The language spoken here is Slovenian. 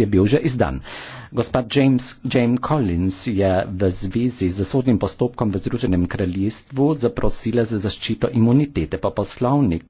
je bil že izdan. Gospod James, James Collins je v zvezi z zasodnim postopkom v Združenem kraljestvu zaprosila za zaščito imunitete, pa poslovnik